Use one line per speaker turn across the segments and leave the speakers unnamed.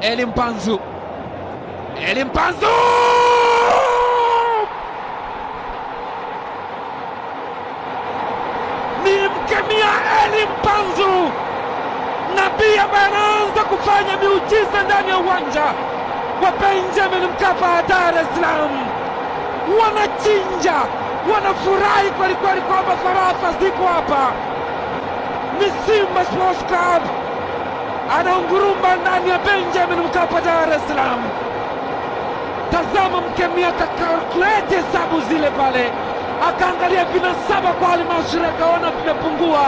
Eli Mpanzu, Eli Mpanzu nimkemia Eli Mpanzu, nabii ambaye anaanza kufanya miujiza ndani ya uwanja wa Benjamin Mkapa, Dar es Salaam. Wanachinja, wanafurahi kwelikweli kwamba farafa ziko hapa. Ni Simba Sports Club anaunguruma ndani ya Benjamin Mkapa, Dar es Salaam. Tazama mkemia akakalkuleti hesabu zile pale, akaangalia vinasaba kwa halmashauri, akaona vimepungua,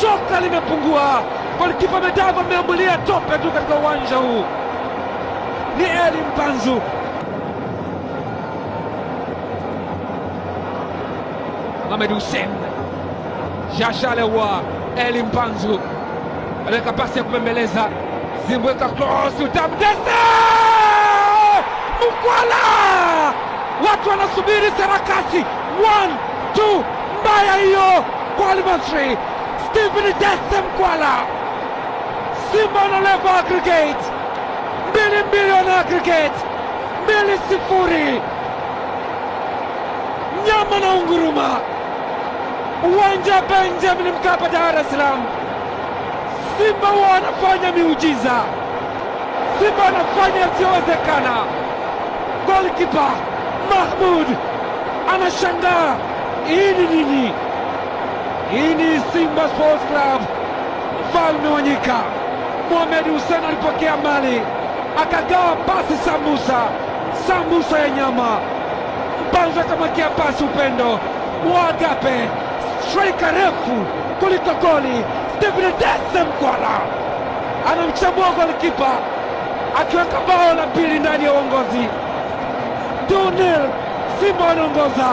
soka limepungua. Golikipa Medava ameambulia tope tu katika uwanja huu, ni Eli Mpanzu. Mohamed Hussein, Jasha Eli Mpanzu anaweka pasi ya kubembeleza zimbweka krosi, utamdesa mkwala, watu wanasubiri sarakasi one two, mbaya hiyo kwa Almasri. Stephen Dese Mkwala, Simba level aggregate mbili mbili, wana aggregate mbili sifuri. Nyama na unguruma, uwanja Benjamin Mkapa, Dar es Salaam. Simba wanafanya miujiza, Simba anafanya yasiyowezekana. golikipa Mahmud anashangaa hii ni nini? Hii ni Simba Sports Club, mfalme wa nyika. Mohamed Hussein alipokea mali, akagawa pasi sambusa, sambusa ya nyama. Mpanzo akamwekea pasi Upendo wa Agape strika refu kuliko goli. Stephen Dese Mkwala anamchambua golikipa akiweka bao la pili ndani ya uongozi. 2-0, Simba wanaongoza.